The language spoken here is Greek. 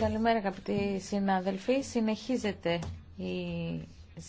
Καλημέρα αγαπητοί συνάδελφοι. Συνεχίζεται η